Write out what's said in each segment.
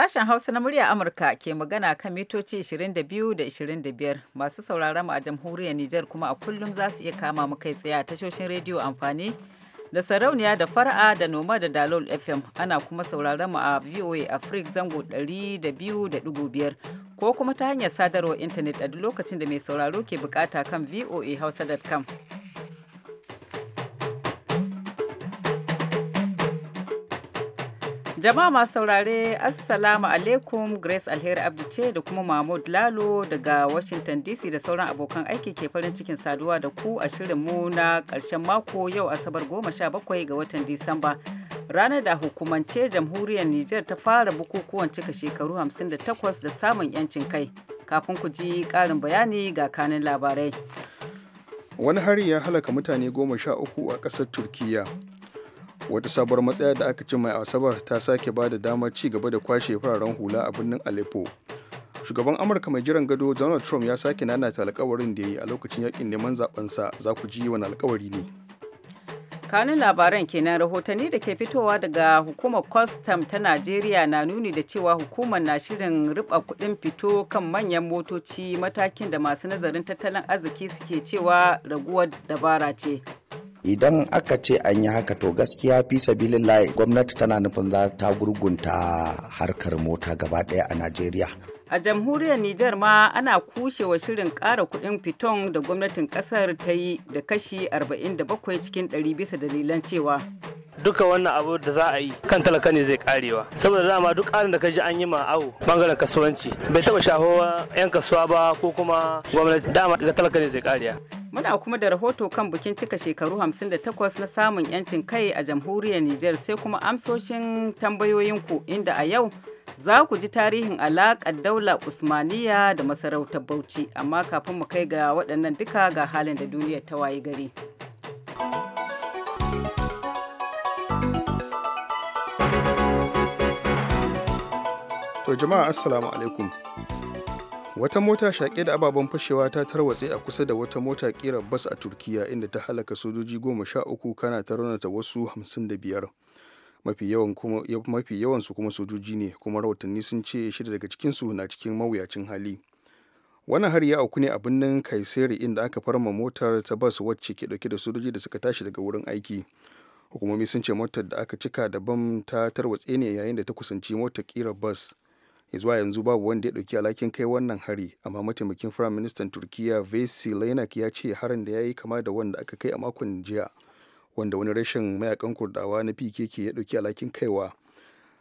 Sashen Hausa na murya Amurka ke magana kan mitoci 22 da 25 masu sauraron mu a jamhuriyar Nijar kuma a kullum za su iya kama mu kai tsaye a tashoshin rediyo amfani da sarauniya da fara da noma da dalol FM ana kuma sauraron mu a VOA Africa zango 200.5 ko kuma ta hanyar sadarwar intanet a duk lokacin da mai sauraro ke bukata kan voahausa.com. Jama'a masu saurare, Assalamu alaikum Grace Alheri Abdu ce da kuma Mahmud Lalo daga Washington DC da sauran abokan aiki ke farin cikin saduwa da ku a shirin mu na karshen mako yau Asabar goma sha bakwai ga watan Disamba. Ranar da hukumance jamhuriyar Nijar ta fara bukukuwan cika shekaru hamsin da takwas da samun 'yancin kai. Kafin ku ji karin bayani ga kanin labarai. Wani hari ya halaka mutane goma sha uku a ƙasar Turkiyya. wata sabuwar matsaya da aka cimma a asabar ta sake ba da damar ci gaba da kwashe fararen hula a birnin aleppo shugaban amurka mai jiran gado donald trump ya sake nanata alkawarin da ya yi a lokacin yakin neman sa za ku ji wani alkawari ne kanun labaran kenan rahotanni da ke fitowa daga hukumar kwastam ta najeriya na nuni da cewa hukumar na shirin riba kudin fito kan manyan motoci matakin da masu nazarin tattalin arziki suke cewa raguwar dabara ce idan aka ce an yi haka to gaskiya fi sabilillahi gwamnati tana nufin za ta gurgunta harkar mota gaba daya a najeriya a jamhuriyar Nijar ma ana kushewa shirin ƙara kuɗin fiton da gwamnatin ƙasar ta yi da kashi 47 cikin 100 bisa dalilan cewa duka wannan abu da za a yi kan talaka ne zai karewa saboda dama duk ƙarin da ka ji an yi ma awo bangaren kasuwanci bai taɓa shafowa 'yan kasuwa ba ko kuma gwamnati dama daga talaka ne zai kariya Muna kuma da rahoto kan bikin cika shekaru 58 na samun 'yancin kai a jamhuriyar Nijar sai kuma amsoshin tambayoyinku inda a yau za ku ji tarihin alaƙar daular Usmaniya da masarautar Bauchi, amma kafin mu kai ga waɗannan duka ga halin da duniyar ta wayi gari. To jama'a assalamu alaikum. Wata mota shaƙe da ababen fashewa ta tarwatse a kusa da wata mota ƙirar bas a Turkiya inda ta halaka sojoji goma sha uku kana ta raunata wasu hamsin da biyar. mafi yawan su kuma sojoji ne kuma rahotanni sun ce shida daga cikin su na cikin mawuyacin hali wannan hari ya auku ne a birnin kaiseri inda aka farma motar ta bas wacce ke dauke da sojoji da suka tashi daga wurin aiki hukumomi sun ce motar da aka cika da bam ta tarwatse ne yayin da ta kusanci motar kira bas zuwa yanzu babu wanda ya dauki alhakin kai wannan hari amma mataimakin firayim ministan turkiya vesi lainak ya ce harin da ya yi kama da wanda aka kai a makon jiya wanda wani rashin mayakan kurdawa na pkk ya dauki alhakin kaiwa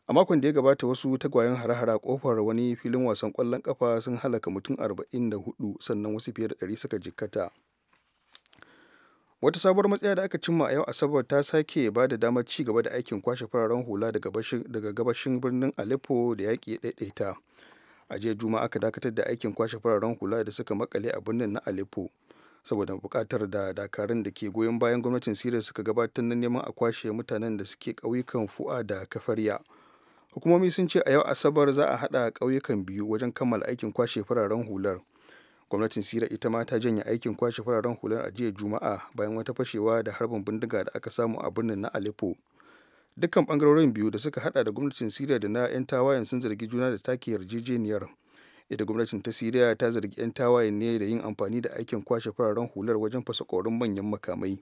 a makon da ya gabata wasu tagwayen hare hara kofar wani filin wasan kwallon kafa sun halaka mutum 44 sannan wasu fiye da 100 suka jikkata wata sabuwar matsaya da aka cimma a yau asabar ta sake ba da damar ci gaba da aikin kwashe fararen hula daga gabashin birnin aleppo da yaƙi ya ɗaiɗaita a jiya juma'a aka dakatar da aikin kwashe fararen hula da suka makale a birnin na aleppo saboda bukatar da dakarun da ke goyon bayan gwamnatin siriya suka gabatar na neman a kwashe mutanen da suke ƙauyukan fu'a da kafariya hukumomi sun ce a yau asabar za a haɗa ƙauyukan biyu wajen kammala aikin kwashe fararen hular gwamnatin siriya ita ma ta janye aikin kwashe fararen hular a jiya juma'a bayan wata fashewa da harbin bindiga da aka samu a birnin na aleppo dukkan bangarorin biyu da suka hada da gwamnatin siriya da na 'yan tawayen sun zargi juna da take yarjejeniyar yadda gwamnatin ta siriya ta zargi 'yan tawayen ne da yin amfani da aikin kwashe fararen hular wajen fasa korin manyan makamai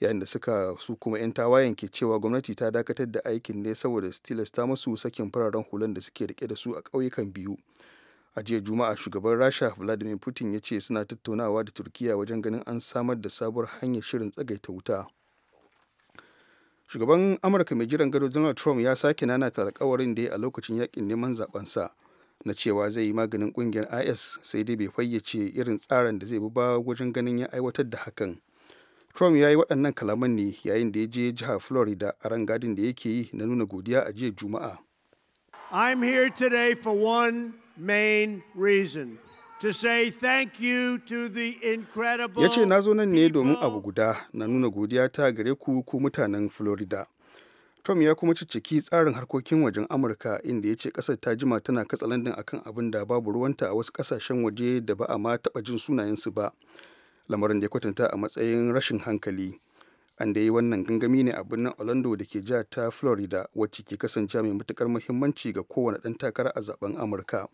yayin da suka su kuma 'yan tawayen ke cewa gwamnati ta dakatar da aikin ne saboda stilas ta masu sakin fararen hular da suke rike da su a ƙauyukan biyu a jiya juma'a shugaban rasha vladimir putin ya ce suna tattaunawa da turkiya wajen ganin an samar da sabuwar hanyar shirin tsagaita wuta shugaban amurka mai jiran gado donald trump ya sake nanata alkawarin da ya a lokacin yakin neman zabensa sa na cewa zai yi maganin kungiyar is sai dai bai fayyace irin tsarin da zai bi ba wajen ganin ya aiwatar da hakan trump ya yi waɗannan kalaman ne yayin da ya je jiha florida a rangadin da yake yi na nuna godiya a jiya juma'a i'm here today for one main reason to say thank you to the incredible ya ce na zo nan ne domin abu guda na nuna godiya ta gare ku ku mutanen florida Trump ya kuma cicciki tsarin harkokin wajen Amurka inda ya ce ƙasar ta jima tana katsalandin akan abin da babu ruwanta a wasu ƙasashen waje da ba a ma taɓa jin sunayensu ba. Lamarin da ya kwatanta a matsayin rashin hankali. An da yi wannan gangami ne a birnin Orlando da ke jihar ta Florida wacce ke kasance mai matukar muhimmanci ga kowane ɗan takara a zaben Amurka.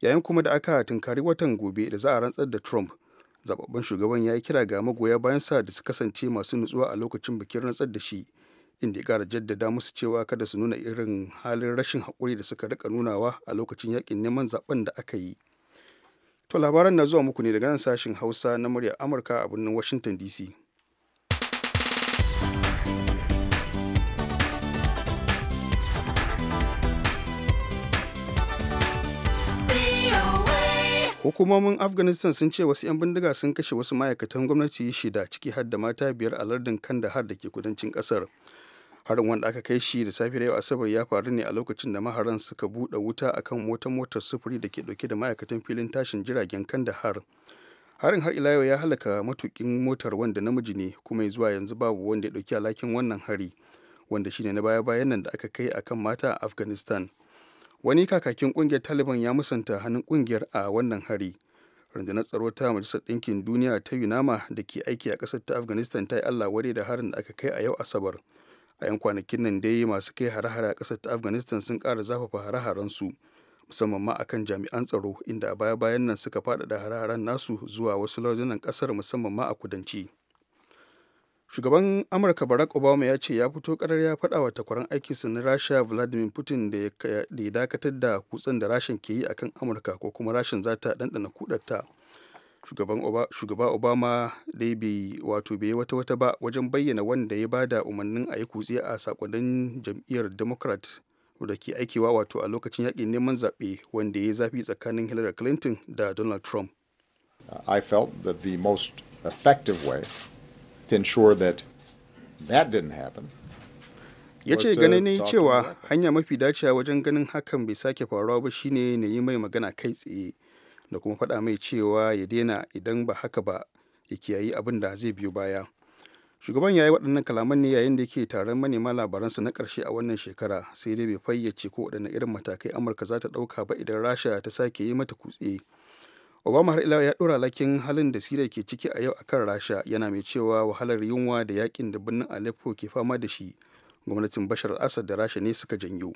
Yayin kuma da aka tunkari watan gobe da za a rantsar da Trump, zababban shugaban ya yi kira ga magoya bayan sa da su kasance masu nutsuwa a lokacin bikin rantsar da shi. inda ya kara jaddada musu cewa kada su nuna irin halin rashin haƙuri da suka rika nunawa a lokacin yakin neman zaben da aka yi to labaran na zuwa muku ne daga nan sashin hausa na muryar amurka a birnin washington dc hukumomin afghanistan sun ce wasu 'yan bindiga sun kashe wasu ma'aikatan gwamnati shida ciki har da mata biyar a lardin kandahar da ke kudancin kasar harin wanda aka kai shi da safiyar yau asabar ya faru ne a lokacin da maharan suka buɗe wuta akan wata motar sufuri da ke ɗauke da ma'aikatan filin tashin jiragen kandahar harin har ila yau ya halaka matukin motar wanda namiji ne kuma zuwa yanzu babu wanda ya ɗauki alhakin wannan hari wanda shine na baya-bayan nan da aka kai akan mata a afghanistan wani kakakin kungiyar taliban ya musanta hannun kungiyar a wannan hari rundunar tsaro ta majalisar ɗinkin duniya ta yunama da ke aiki a ƙasar ta afghanistan ta yi allah da harin da aka kai a yau asabar a 'yan kwanakin nan dai masu kai hare-hare a ƙasar ta afghanistan sun kara zafafa hare-harensu musamman ma akan jami'an tsaro inda a baya-bayan nan suka faɗaɗa hare-haren nasu zuwa wasu lardunan kasar musamman ma a kudanci shugaban amurka barack obama ya ce ya fito karar ya faɗa wa takwaran aikinsa na rasha vladimir putin da ya dakatar da kutsen da rashin ke yi akan amurka ko kuma rashin za ta ɗanɗana kudarta shugaba obama dai bai wato bai wata wata ba wajen bayyana wanda ya bada umarnin a yi kutse a sakonnin jam'iyyar democrat da ke aikewa wato a lokacin yakin neman zaɓe wanda ya zafi tsakanin hillary clinton da donald trump i felt that the most effective way to ensure that that didn't happen ya ce ganin ne cewa hanya mafi dacewa wajen ganin hakan bai sake faruwa ba shine na yi mai magana kai tsaye da kuma faɗa mai cewa ya daina idan ba haka ba ya kiyayi abin da zai biyo baya shugaban ya yi waɗannan kalaman ne yayin da yake taron manema labaransa na ƙarshe a wannan shekara sai dai bai fayyace ko waɗanne irin matakai amurka za ta ɗauka ba idan rasha ta sake yi mata kutse obama har ila ya ɗora lakin halin da siriya ke ciki a yau akan rasha yana mai cewa wahalar yunwa da yakin da birnin aleppo ke fama da shi gwamnatin bashar al-assad da rasha ne suka janyo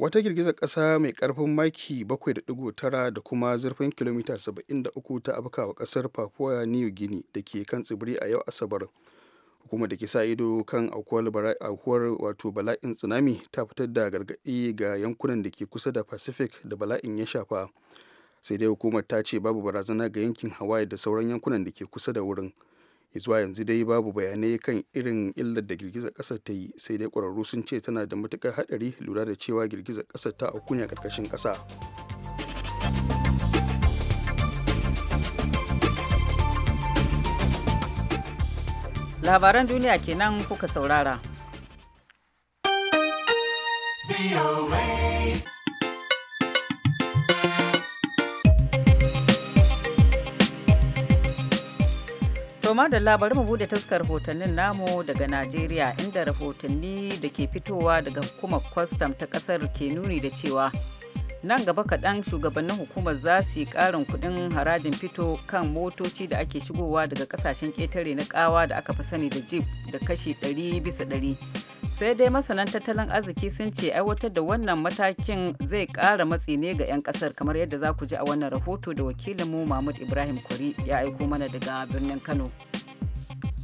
wata girgizar ƙasa mai karfin maki 7.9 da kuma zurfin kilomita 73 ta wa ƙasar papua new guinea da ke kan tsibiri a yau asabar hukumar da ke sa ido kan aukuwar wato bala'in tsunami ta fitar da gargaɗi ga yankunan da ke kusa da pacific da bala'in ya shafa sai dai hukumar ta ce babu barazana ga yankin hawaii da sauran yankunan da ke kusa da wurin zuwa yanzu dai babu bayanai kan irin illar da girgizar ƙasar ta yi sai dai ƙwararru sun ce tana da matuƙar haɗari lura da cewa girgizar ƙasar ta auku ne a ƙarƙashin ƙasa labaran duniya kenan kuka saurara To madalla bari mu bude taskar rahotannin namu daga Najeriya inda rahotanni da ke fitowa daga hukumar kwastam ta kasar ke nuni da cewa nan gaba kaɗan shugabannin hukumar za su yi ƙarin kuɗin harajin fito kan motoci da ake shigowa daga ƙasashen ƙetare na ƙawa da aka fi sani da jeep da kashi 100 bisa 100 sai dai masanan tattalin arziki sun ce aiwatar da wannan matakin zai kara matsi ne ga 'yan kasar kamar yadda za ku ji a wannan rahoto da wakilinmu mahmud ibrahim kuri ya aiko mana daga birnin kano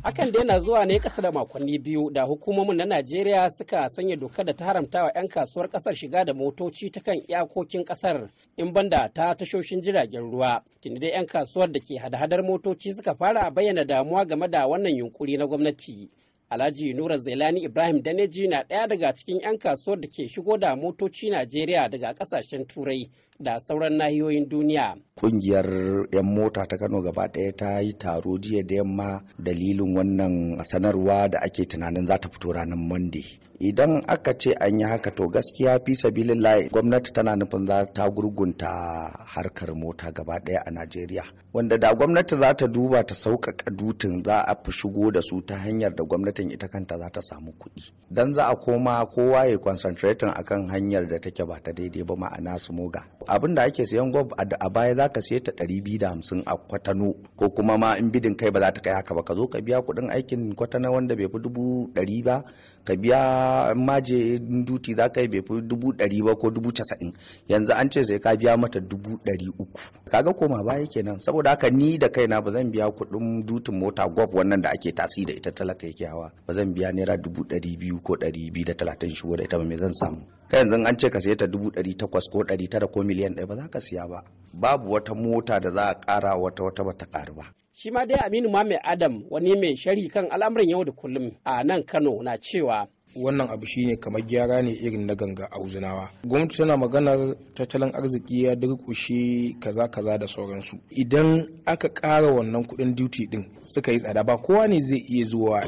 hakan dai na zuwa ne kasa da makonni biyu da hukumomin na najeriya suka sanya dokar da ta haramta wa 'yan kasuwar kasar shiga da motoci ta kan iyakokin kasar in banda ta tashoshin jiragen ruwa tuni dai 'yan kasuwar da ke hada-hadar motoci suka fara bayyana damuwa game da wannan yunkuri na gwamnati Alhaji Nura Zailani Ibrahim Daneji na ɗaya daga cikin 'yan kasuwar da ke shigo da motoci Najeriya daga ƙasashen Turai da sauran nahiyoyin duniya. ƙungiyar 'yan mota ta Kano gaba ɗaya ta yi taro jiya da yamma dalilin wannan sanarwa da ake tunanin za ta fito ranar Monday. Idan aka ce an yi haka to gaskiya fi sabilillahi gwamnati tana nufin za ta gurgunta harkar mota gaba ɗaya a Najeriya. Wanda da gwamnati za ta duba ta sauƙaƙa dutin za a fi shigo da su ta hanyar da gwamnati gwamnatin ita kanta za ta samu kuɗi dan za a koma kowa ya concentrating akan hanyar da take ba ta daidai ba ma'ana su moga abin da ake sayan gwab a baya za ka siye ta ɗari biyu da hamsin a kwatano ko kuma ma in bidin kai ba za ta kai haka ba ka zo ka biya kuɗin aikin kwatano wanda bai fi dubu ɗari ba ka biya maje duti za ka yi bai fi dubu ɗari ba ko dubu casa'in yanzu an ce sai ka biya mata dubu ɗari uku kaga koma baya kenan saboda haka ni da kaina ba zan biya kuɗin dutin mota gwab wannan da ake tasi da ita talaka yake hawa ba zan biya naira dubu ɗari biyu ko ɗari biyu da talatin shigo da ita ba me zan samu kai yanzu an ce ka saye ta dubu ɗari takwas ko ɗari tara ko miliyan ɗaya ba za ka siya ba babu wata mota da za a ƙara wata wata ba ta ƙaru ba. shi ma dai aminu ma mai adam wani mai shari kan al'amuran yau da kullum a nan kano na cewa wannan abu shine kamar gyara ne irin na ganga a uzunawa gwamnati tana maganar tattalin arziki ya durkushe kaza kaza da sauransu idan aka ƙara wannan kuɗin duty din suka yi tsada ba kowa ne zai iya zuwa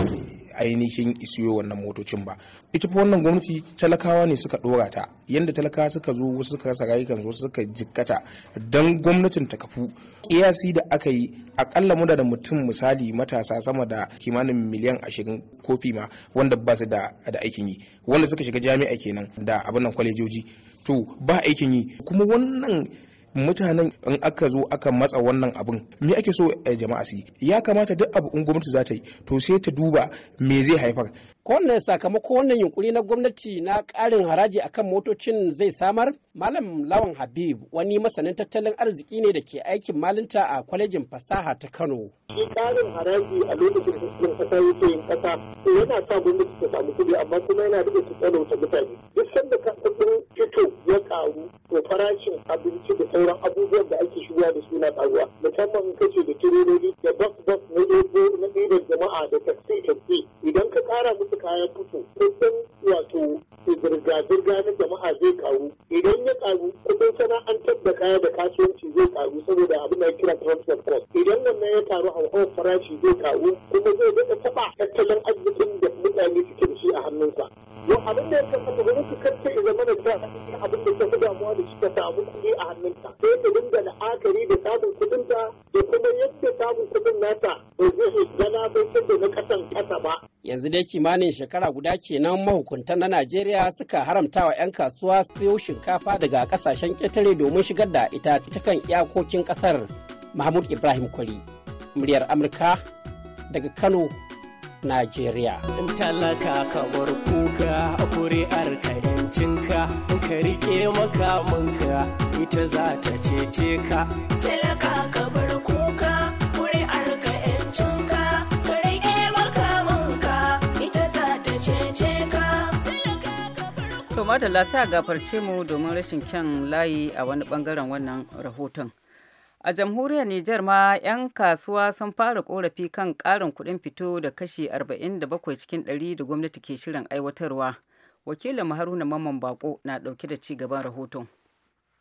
ainihin isiyo wannan motocin ba ita fa wannan gwamnati talakawa ne suka dora ta yanda talakawa suka zo wasu suka rasa rayukan su suka jikkata dan gwamnatin ta kafu kiyasi da aka yi akalla muna da mutum misali matasa sama da kimanin miliyan ashirin kofi ma wanda ba su da da aikin yi wanda suka shiga jami'a kenan da abin nan kwalejoji to ba aikin yi kuma wannan mutanen in aka zo aka matsa wannan abin me ake so a eh, jama'a su ya kamata duk abu in gwamnati za ta yi to sai ta duba me zai haifar wannan sakamakon wannan yunkuri na gwamnati na karin haraji akan motocin zai samar malam lawan habib wani masanin tattalin arziki ne da ke aikin malinta a kwalejin fasaha ta kano shi karin haraji a lokacin da kasa yake yin kasa yana sa gwamnati ta samu kudi, amma kuma yana mutane kyau ya karu to farashin abinci da sauran abubuwan da ake shigowa da su na karuwa musamman in kace da tireloli da bas bas na dogo na ɗiban jama'a da taxi taxi idan ka kara musu kayan fito kusan wato ake zirga-zirga na jama'a zai karu idan ya karu kudin sana'antar da kaya da kasuwanci zai karu saboda abin da ya kira transfer cost idan wannan ya karu hauhawar farashi zai karu kuma zai daɗa taɓa tattalin arzikin da mutane suke da shi a hannunsa yau abin da ya kasance gwamnati kacce ya zama da ta abin da ta fi damuwa da shi ta samu kuɗi a hannunta sai ta dinga la'akari da samun ta da kuma yadda samun kuɗin nata ba zai gana bai da na ƙasan kasa ba yanzu dai kimanin shekara guda kenan mahukunta na najeriya suka haramta wa 'yan kasuwa siyo shinkafa daga kasashen ƙetare domin shigar da ita cikin iyakokin ƙasar mahmud ibrahim kwari muryar amurka daga kano najeriya in talaka ka bar kuka kuri'ar ka in ka riƙe makamanka ita za ta cece ka talaka ka To madalla sai a gafarce mu domin rashin kyan layi a wani bangaren wannan rahoton. A jamhuriyar Nijar ma 'yan kasuwa sun fara korafi kan karin kuɗin fito da kashi 47 cikin 100 da gwamnati ke shirin aiwatarwa. Wakilin Haruna Mamman Bako na ɗauke da ci gaban rahoton.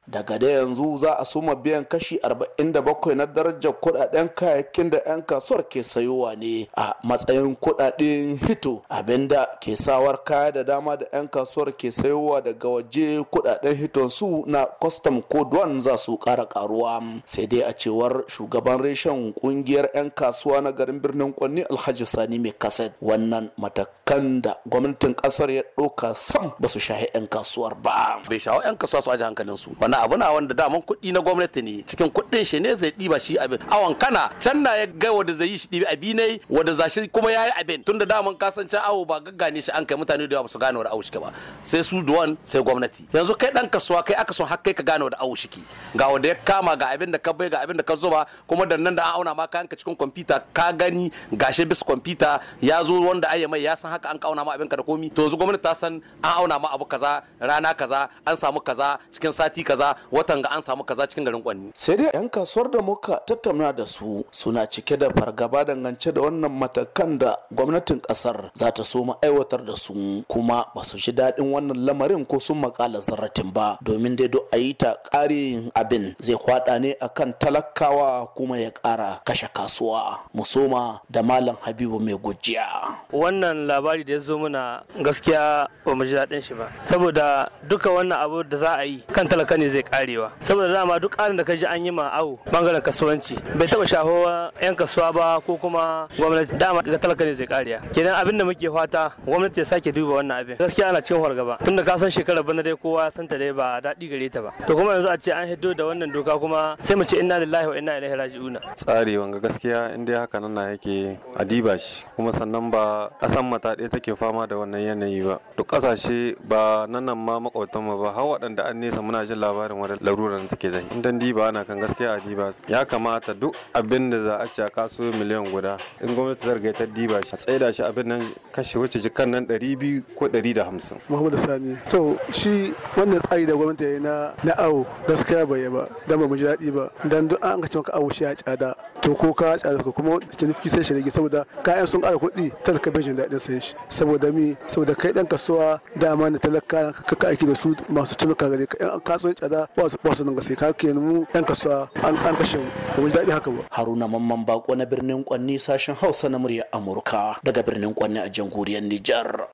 daga da yanzu za a suma biyan kashi 47 na darajar kudaden kayakin da 'yan kasuwar ke sayowa ne a matsayin kudaden hito abinda ke sawar kaya da dama da 'yan kasuwar ke sayowa daga waje kudaden hiton su na custom code one za su kara karuwa sai dai a cewar shugaban reshen kungiyar 'yan kasuwa na garin birnin kwanni alhaji sani mai kaset wannan matakan da gwamnatin kasar ya ɗauka sam ba su shahi 'yan kasuwar ba bai shawo 'yan kasuwa su aji wannan abu na wanda daman kuɗi na gwamnati ne cikin kuɗin shi ne zai ɗiba shi abin awon kana can na ya ga wanda zai yi shi ɗibi abi ne wanda za kuma ya yi abin tunda daman kasancen awo ba gaggane shi an kai mutane da yawa ba su gane wani awo shi ba sai su duwan sai gwamnati yanzu kai ɗan kasuwa kai aka son hakkai ka gane wani awo shi ga wanda ya kama ga abin da ka bai ga abin da ka zuba kuma da nan da an auna ma kayanka cikin kwamfuta ka gani gashi bis kwamfuta ya zo wanda ayyama ya san haka an auna ma abin ka da komi to yanzu gwamnati ta san an auna ma abu kaza rana kaza an samu kaza cikin sati kaza kaza watan ga an samu kaza cikin garin kwanni sai dai yan kasuwar da muka tattauna da su suna cike da fargaba dangance da wannan matakan da gwamnatin kasar za ta so aiwatar da su kuma ba su ji daɗin wannan lamarin ko sun makala zarratin ba domin dai do a yi ta ƙarin abin zai kwaɗa ne akan talakawa kuma ya ƙara kashe kasuwa musoma da malam habibu mai gujiya wannan labari da ya zo mana gaskiya ba mu ji daɗin shi ba saboda duka wannan abu da za a yi kan talaka ne ne zai karewa saboda dama duk karin da ka ji an yi ma awo bangaren kasuwanci bai taba shahowa yan kasuwa ba ko kuma gwamnati dama ga talaka ne zai kariya kenan abin da muke fata gwamnati ya sake duba wannan abin gaskiya ana cikin fargaba tunda ka san shekarar bana dai kowa san ta dai ba daɗi gare ta ba to kuma yanzu a ce an hiddo da wannan doka kuma sai mu ce inna lillahi wa inna ilaihi raji'un tsari wanga gaskiya in dai haka nan na yake adiba shi kuma sannan ba kasan mata ɗaya take fama da wannan yanayi ba duk ƙasashe ba nan nan ma makwabtan mu ba har waɗanda an nesa muna jin labarin labarin wani laruran da take da dan diba ana kan gaskiya a diba ya kamata duk abin da za a ci a kaso miliyan guda in gwamnati ta riga ta diba shi a tsaida shi abin nan kashe wuce jikan nan 200 ko 150 Muhammad Sani to shi wannan tsari da gwamnati ya yi na na awo gaskiya bai ba dan ba mu ji daɗi ba dan duk an ka ci maka awo shi a tsada to ko ka ka kuma ciniki sai shi saboda kayan sun ƙara kuɗi talaka bai jin daɗin sayan shi saboda mi saboda kai ɗan kasuwa dama na talaka ka ka aiki da su masu tunuka gare ka ɗan kasuwan tsada ba su nan ga sai ka ke mu ɗan kasuwa an kashe mu da mu daɗi haka ba. Haruna Mamman Bako na birnin Kwanni sashen Hausa na murya Amurka daga birnin Kwanni a jamhuriyar Nijar.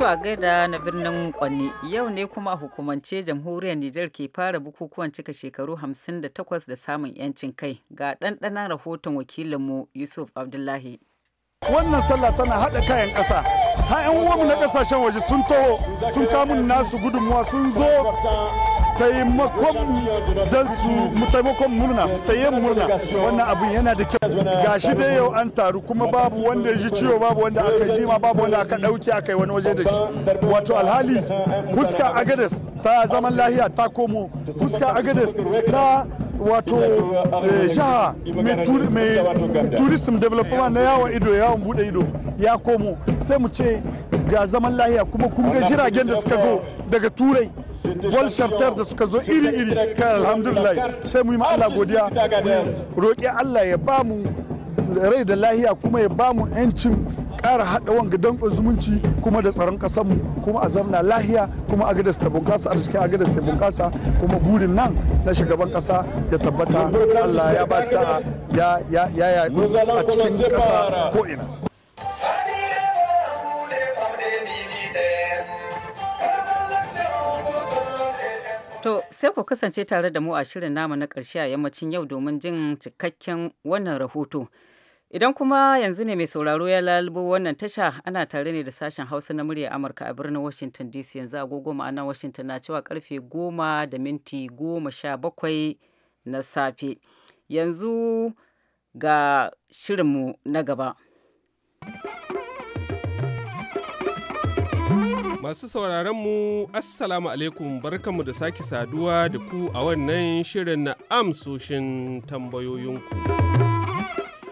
To a gaida na birnin Kwanni yau ne kuma a hukumance jamhuriyar Nijar ke fara bukukuwan cika shekaru 58 da samun 'yancin kai ga ɗanɗanan rahoton wakilinmu Yusuf Abdullahi. wannan sallah tana haɗa kayan ƙasa ha 'yan uwanmu na ƙasashen waje sun taho sun kamun nasu gudunmuwa sun zo taimakon don su mu taimakon murna su taye murna wannan abin yana da kyau Ga shi dai yau an taru kuma babu wanda ya ji ciwo babu wanda aka ji ma babu wanda aka dauke aka yi wani waje da shi wato alhali huska agades ta zaman lahiya ta komo huska agades ta wato jiha eh, mai tourism development na yawon ido yawon bude ido ya komo sai mu ce ga zaman lahiya kuma kun jiragen da suka zo daga turai vol charter da suka zo iri-iri ka alhamdulillah sai mu yi Allah godiya roƙi Allah ya ba mu rai da lahiya kuma ya ba mu 'yancin kara haɗa wanga danƙon zumunci kuma da tsaron ƙasarmu kuma a zamna lahiya kuma agadas ta bunƙasa a agadas ya bunƙasa kuma burin nan na shugaban kasa ya tabbata allah ya ba sa'a ya ya ya a cikin ƙasa ko'ina. To sai ku kasance tare da mu a shirin namu na ƙarshe a yammacin yau domin jin cikakken wannan rahoto. Idan kuma yanzu ne mai sauraro ya lalubo wannan tasha ana tare ne da sashen Hausa na murya Amurka a birnin Washington DC yanzu agogo ma'ana Washington na cewa karfe goma da minti goma sha bakwai na safe. Yanzu ga shirinmu na gaba. Masu sauraronmu, Assalamu alaikum barkanmu da sake saduwa da ku a wannan shirin na amsoshin tambayoyinku.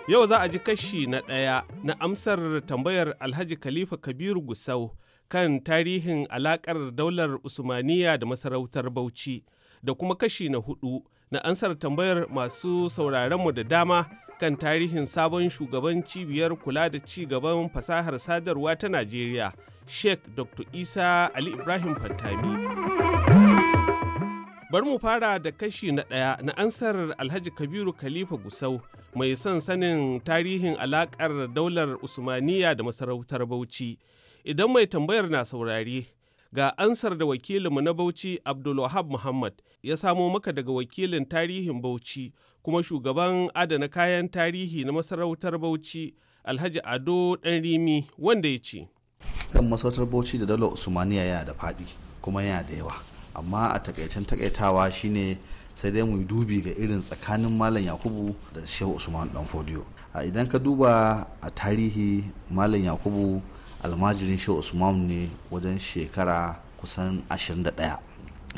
Yau za a ji kashi na ɗaya na amsar tambayar Alhaji Khalifa Kabiru Gusau kan tarihin alaƙar daular Usmaniya da masarautar Bauchi da kuma kashi na hudu na ansar tambayar masu sauraronmu da dama kan tarihin sabon shugaban cibiyar kula da ci gaban fasahar sadarwa ta Najeriya, Sheikh Dr. Isa Ali Ibrahim Fantami. bar mu fara da kashi na ɗaya na ansar Alhaji Kabiru Khalifa Gusau mai son sanin tarihin alakar daular usmaniya da masarautar bauchi idan mai tambayar na saurari, ga ansar da wakilinmu na bauchi abdulwahab muhammad ya samo maka daga wakilin tarihin bauchi kuma shugaban adana kayan tarihi na masarautar bauchi alhaji ado ɗanrimi wanda ya ce kan masarautar bauchi da daular usmaniya yana da faɗi kuma yana da yawa amma a takaicen takaitawa shine sai dai mu dubi ga irin tsakanin malam yakubu da shehu usman dan fodiyo a idan ka duba a tarihi malam yakubu almajirin shehu usman ne wajen shekara kusan 21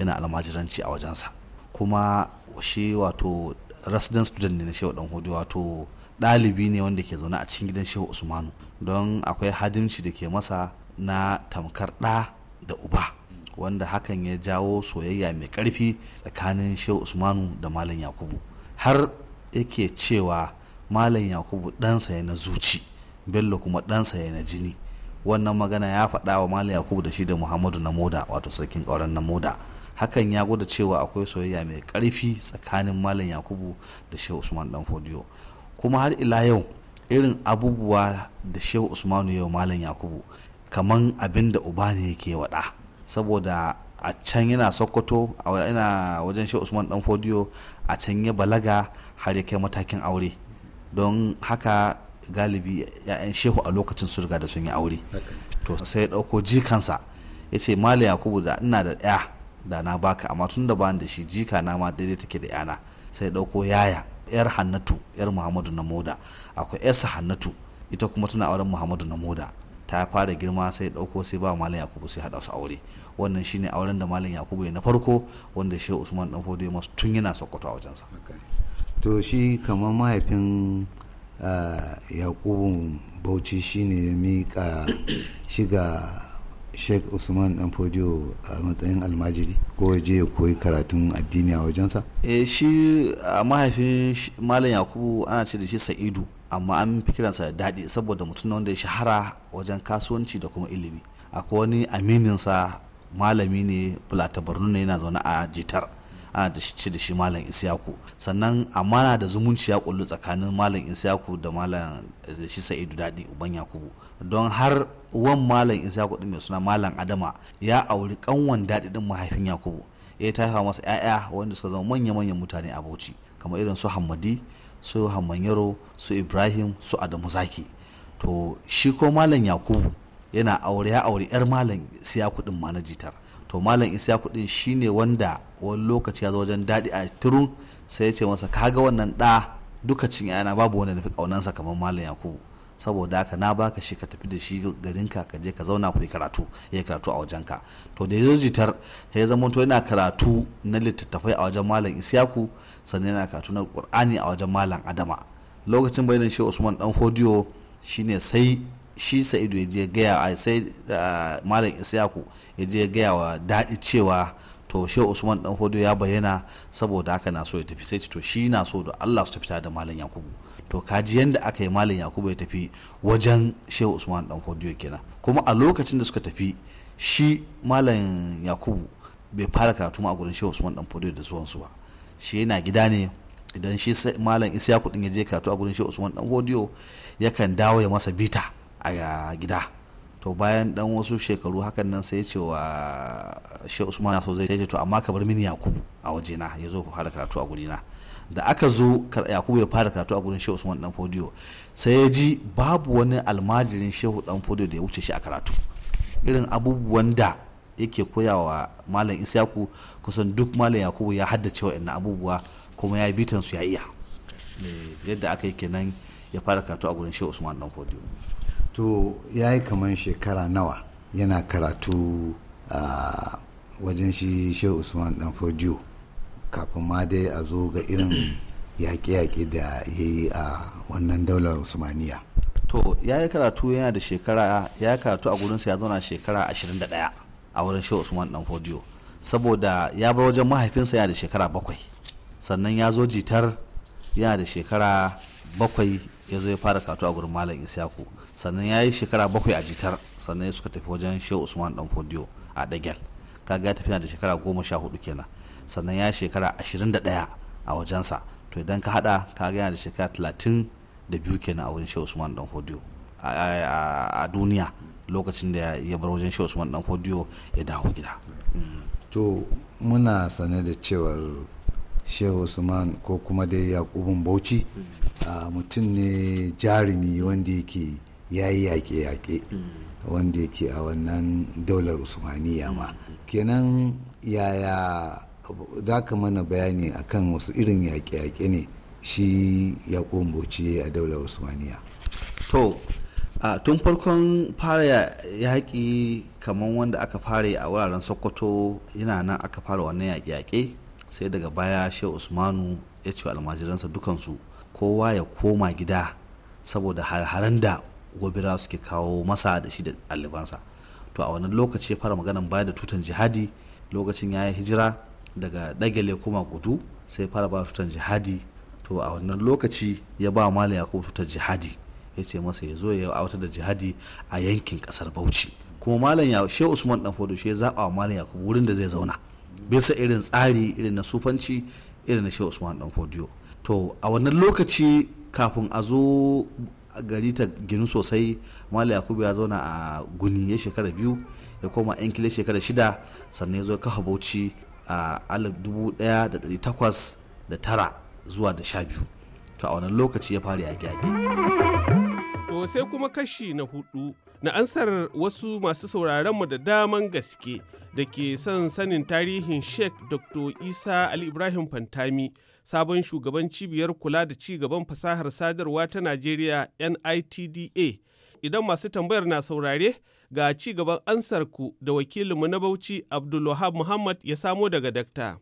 yana almajiranci a wajensa kuma shi wato resident student ne na shehu dan fodiyo wato ɗalibi ne wanda ke zaune a cikin gidan shehu usman don akwai hadimci da ke masa na tamkar ɗa da uba wanda hakan ya jawo soyayya mai karfi tsakanin shehu usmanu da malam yakubu har yake cewa malam yakubu ɗansa ya na zuci bello kuma ɗansa ya na jini wannan magana ya faɗa wa malam yakubu da shi da muhammadu na moda wato sarkin ƙauren na moda hakan ya gwada cewa akwai soyayya mai karfi tsakanin malam yakubu da shehu usman dan fodiyo kuma har ila yau irin abubuwa da shehu usmanu yau malam yakubu kaman abin da uba ne yake waɗa saboda a can yana sokoto yana wajen shi usman dan fodiyo a can ya balaga har ya kai matakin aure don haka galibi ya'yan shehu a lokacin su riga da sun yi aure to sai ya dauko jikansa ya ce malam yakubu da ina da ɗaya da na baka amma tun da bani da shi jika na ma daidai take da yana sai ya dauko yaya yar hannatu yar muhammadu na moda akwai yarsa hannatu ita kuma tana auren muhammadu na moda ta fara girma sai ya dauko sai ba malam yakubu sai haɗa su aure wannan shine auren da malam yakubu ya na farko wanda shi usman dan fodo ya masu tun yana sokoto a wajensa to shi kamar mahaifin eh, yakubu bauchi shine ya mika shiga shek usman dan fodio a matsayin almajiri ko je ya koyi karatun addini a wajensa e shi a mahaifin malam yakubu ana ce da shi sa'idu amma an fi kiransa da daɗi saboda mutum wanda ya shahara wajen kasuwanci da kuma ilimi akwai wani aminin sa malami ne bulata borno ne yana zaune a jitar ana da shi da shi malam isiyaku sannan amma na da zumunci ya kullu tsakanin malam isiyaku da malam eh, shi sa'idu dadi uban yakubu don har wan malam isiyaku din mai suna malam adama ya auri kanwan dadi din mahaifin yakubu ya ta haifa masa 'ya'ya wanda suka zama manya-manyan mutane a bauchi kamar irin su hammadi su hammanyaro su ibrahim su adamu zaki to shi ko malam yakubu yana aure ya aure yar malam siya kudin ma na jitar to malam isiya kudin shine wanda wani lokaci ya zo wajen daɗi a turu sai ya ce masa kaga wannan ɗa duka cin yana babu wanda nufi kaunansa kamar malam yakubu saboda haka na baka shi ka tafi da shi garin ka ka je ka zauna ku yi karatu ya karatu a wajen ka to da yazo jitar ya zama to yana karatu na littattafai a wajen malam isyaku sannan yana karatu na qur'ani a wajen malam adama lokacin bayanan shi usman dan hodiyo shine sai shi sa'idu ya je gaya sai malam isyaku ya je gaya wa daɗi cewa to shi usman dan hodo ya bayyana saboda haka na so ya tafi sai to shi na so da allah su tafi da malam yakubu to kaji yadda aka yi malam yakubu ya tafi wajen shehu usman dan hodiyo kenan kuma a lokacin da suka tafi shi malam yakubu bai fara karatu ma a gurin shehu usman dan hodiyo da zuwansu ba shi yana gida ne idan shi malam isyaku din ya je karatu a gurin shehu usman dan hodiyo yakan dawo ya masa bita a gida to bayan dan wasu shekaru hakan nan sai ce wa shi usman so zai ce to amma ka bar mini yakubu a wajena ya zo ku fara karatu a na da aka zo yakubu ya fara karatu a gurin shi usman dan fodiyo sai ya ji babu wani almajirin shehu dan fodiyo da ya wuce shi a karatu irin abubuwan da yake koyawa malam isyaku kusan duk malam yakubu ya haddace wa inna abubuwa kuma ya bitan su ya iya eh, yadda aka yi kenan ya fara karatu a gurin shehu usman dan fodiyo to ya yi kamar shekara nawa yana karatu a wajen shi shehu usman dan fodiyo kafin ma dai a zo ga irin yaƙe-yaƙe da ya yi a wannan daular usmaniya to ya yi karatu yana da shekara ya karatu a gurinsa ya zauna shekara 21 a wurin shehu usman dan fodiyo saboda ya bar wajen mahaifinsa yana da shekara bakwai sannan ya zo jitar yana da shekara bakwai ya zo ya fara karatu a gurin malam isyaku sannan ya yi shekara bakwai a jitar sannan ya suka tafi wajen shehu usman dan fodiyo a dagel kaga ya tafi da shekara goma sha hudu kenan sannan ya yi shekara ashirin da daya a wajensa to idan ka hada kaga yana da shekara talatin da biyu kenan a wajen shehu usman dan fodiyo a duniya lokacin da ya bar wajen shehu usman dan fodiyo ya dawo gida to muna sane da cewar shehu usman ko kuma dai yakubun bauchi mutum ne jarumi wanda yake ya yi yaƙe-yaƙe wanda yake a wannan daular usmaniya ma kenan yaya za ka mana bayani akan wasu irin yaƙe-yaƙe ne shi ya boci a daular usmaniya to tun farkon fara yaƙi kamar wanda aka fara a wuraren sokoto yana nan aka fara wannan yaƙe-yaƙe sai daga baya shehu usmanu ya ce almajiransa dukansu kowa ya koma gida saboda harharan da gobira suke kawo masa da shi da ɗalibansa to a wannan lokaci ya fara maganan baya da tutan jihadi lokacin ya yi hijira daga dagale kuma gudu sai fara ba tutan jihadi to a wannan lokaci ya ba malam yakubu tutar jihadi ya ce masa ya zo ya autar da jihadi a yankin kasar bauchi kuma malam ya she usman dan fodo she ya zaba wa malam yakubu wurin da zai zauna bisa irin tsari irin na sufanci irin na she usman dan fodo to a wannan lokaci kafin a zo gari ta ginu sosai mali yakubu ya zauna a guni ya shekara biyu ya koma kila shekara shida sannan ya zo kafa bauchi a alif dubu daya da dari da tara zuwa da sha biyu to a wannan lokaci ya fara yage-yage To sai kuma kashi na hudu na ansar wasu masu mu da daman gaske da ke son sanin tarihin Sheikh Dr. Isa Ali Ibrahim Fantami sabon shugaban cibiyar kula da ci gaban fasahar sadarwa ta Najeriya NITDA. Idan masu tambayar na saurare ga ci gaban ansarku da wakilinmu na Bauchi Abdulwahab Muhammad ya samo daga dakta.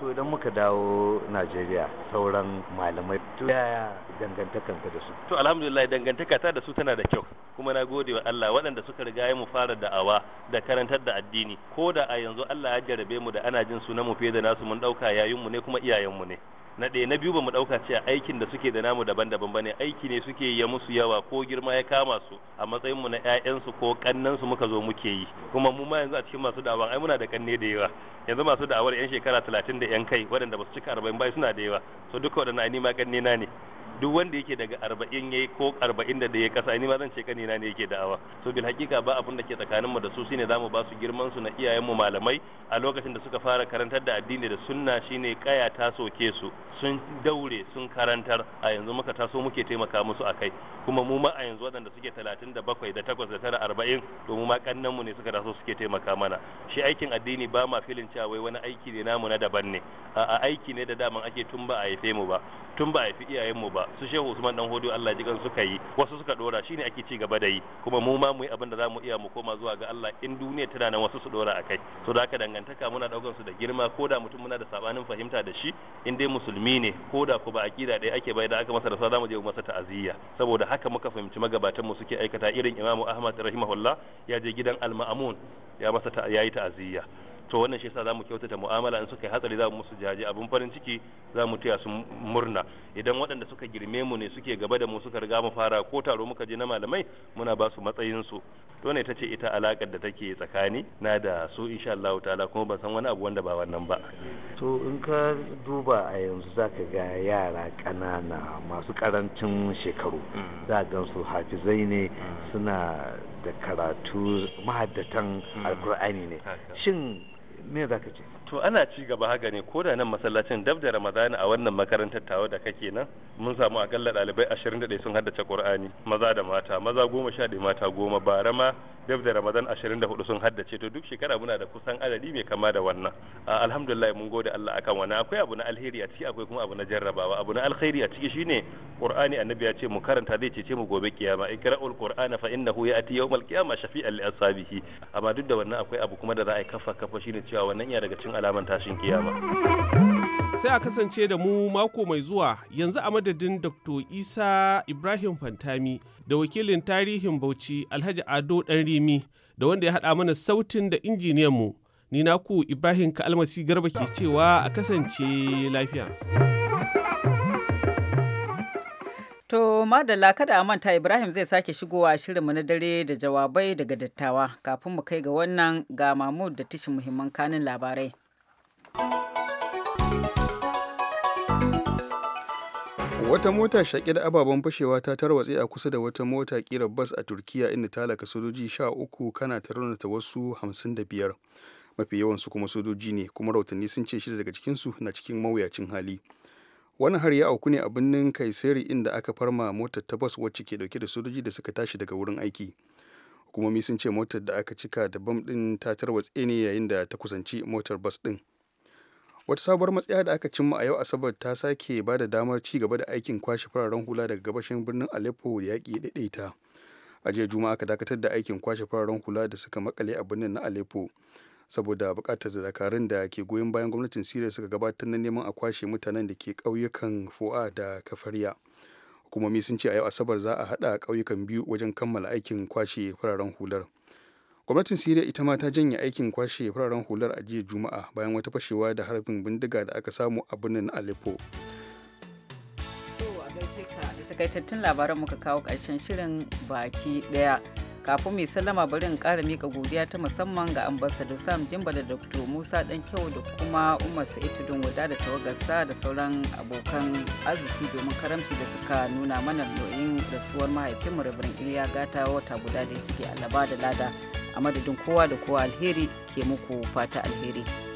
To idan muka dawo Najeriya sauran malamai to yaya dangantakanka da su? To alhamdulillah dangantaka ta da su tana da kyau. kuma na gode wa Allah waɗanda suka riga mu fara da'awa da karantar da addini ko da a yanzu Allah ya jarabe mu da ana jin sunan mu fiye da nasu mun ɗauka yayin mu ne kuma iyayen mu ne na ɗaya na biyu ba mu ɗauka cewa aikin da suke da namu daban-daban ba ne aiki ne suke ya musu yawa ko girma ya kama su a matsayin mu na ƴaƴansu ko kannansu muka zo muke yi kuma mu ma yanzu a cikin masu da'awa ai muna da kanne da yawa yanzu masu da'awar yan shekara talatin da yan kai waɗanda ba su cika arba'in ba suna da yawa so duka waɗannan ai ma kanne na ne duk wanda yake daga arba'in ya yi ko arba'in da ya kasa ni ma zan ce kanina ne yake da'awa so bil hakika ba abin da ke tsakaninmu da su shine zamu ba su girman su na mu malamai a lokacin da suka fara karantar da addini da sunna shine kaya ta soke su sun daure sun karantar a yanzu muka taso muke taimaka musu akai kuma mu ma a yanzu wadanda suke talatin da bakwai da takwas da tara arba'in to mu ma kannanmu ne suka taso suke taimaka mana shi aikin addini ba ma filin cewa wai wani aiki ne namu na daban ne a aiki ne da daman ake tun ba a haife mu ba tun ba a haifi iyayenmu ba su shehu usman dan hodo Allah ji suka yi wasu suka dora shine ake ci gaba da yi kuma mu ma mu yi abin da zamu iya mu koma zuwa ga Allah in duniya tana nan wasu su dora kai so da haka dangantaka muna daukar su da girma ko da mutum muna da sabanin fahimta da shi in dai musulmi ne ko da ku ba akida ɗaya ake bai da aka masa da sa zamu je mu masa ta'aziyya saboda haka muka fahimci magabatan mu suke aikata irin imamu Ahmad rahimahullah ya je gidan Al-Ma'mun ya masa ya yi ta'aziyya to wannan shi yasa zamu kyautata mu'amala in suka yi hatsari za mu musu jaje abin farin ciki za mu taya su murna idan waɗanda suka girme mu ne suke gaba da mu suka riga mu fara ko taro muka je na malamai muna ba su matsayin su to ne tace ita alakar da take tsakani na da su insha Allah ta'ala kuma ba san wani abu wanda ba wannan ba to in ka duba a yanzu zaka ga yara ƙanana masu karancin shekaru mm. za gan su hafizai ne mm. suna da karatu mahaddatan mm. alkur'ani ne shin me za ka ce to ana ci gaba haka ne ko da nan masallacin dab da ramadana a wannan makarantar tawa da kake nan mun samu akalla ɗalibai 21 sun haddace qur'ani maza da mata maza goma sha mata goma bara ma dab da ramadan 24 sun haddace to duk shekara muna da kusan adadi mai kama da wannan alhamdulillah mun gode Allah akan wannan akwai abu na alheri a ciki akwai kuma abu na jarrabawa abu na alheri a ciki shine qur'ani annabi ya ce mu karanta zai cece mu gobe kiyama ikra'ul qur'ana fa innahu ya'ti yawmal qiyama shafi'an li ashabihi amma duk da wannan akwai abu kuma da za a kafa kafa shine cewa wannan iya daga cikin alaman tashin kiyama sai a kasance da mu mako mai zuwa yanzu a madadin dr isa ibrahim fantami da wakilin tarihin bauchi alhaji ado rimi da wanda ya hada mana sautin da mu ni naku ibrahim ka almasi garba ke cewa a kasance lafiya To madalla kada a manta Ibrahim zai sake shigowa shirinmu na dare da jawabai daga dattawa kafin mu kai ga wannan ga Mahmud da tishin muhimman kanin labarai. wata mota shaƙi da ababen fashewa ta tarwatse a kusa da wata mota kira bas a turkiya inda ta sojoji sojoji uku kana ta raunata wasu hamsin da biyar, mafi yawan su kuma sojoji ne kuma rautanni sun ce shida daga cikinsu na cikin mawuyacin hali wani har ya auku ne a birnin kaiseri inda aka farma motar ta bas wacce ke dauke da sojoji da suka tashi daga wurin aiki hukumomi sun ce motar da aka cika da bam din ta tarwatse ne yayin da ta kusanci motar bas din wata sabuwar matsaya da aka cimma a yau asabar ta sake ba da damar ci gaba da aikin kwashe fararen hula daga gabashin birnin aleppo da yaƙi daidaita a jiya juma'a aka dakatar da aikin kwashe fararen hula da suka makale a birnin na aleppo saboda buƙatar da dakarun da ke goyon bayan gwamnatin siriya suka gabatar na neman a kwashe mutanen da ke ƙauyukan fo'a da kafariya hukumomi sun ce a yau asabar za a haɗa ƙauyukan biyu wajen kammala aikin kwashe fararen hular gwamnatin siriya ita ma ta janye aikin kwashe fararen hular a jiya juma'a bayan wata fashewa da harbin bindiga da aka samu a birnin aleppo takaitattun labaran muka kawo karshen shirin baki daya kafin mai sallama bari in ƙara mika godiya ta musamman ga ambassador sam jimba da dr musa dan kyau da kuma umar sa'id don wada da tawagarsa da sauran abokan arziki domin karamci da suka nuna mana nauyin rasuwar mahaifinmu rabirin iliya gata wata guda da ya shige alaba da lada a madadin kowa da kowa alheri ke muku fata alheri.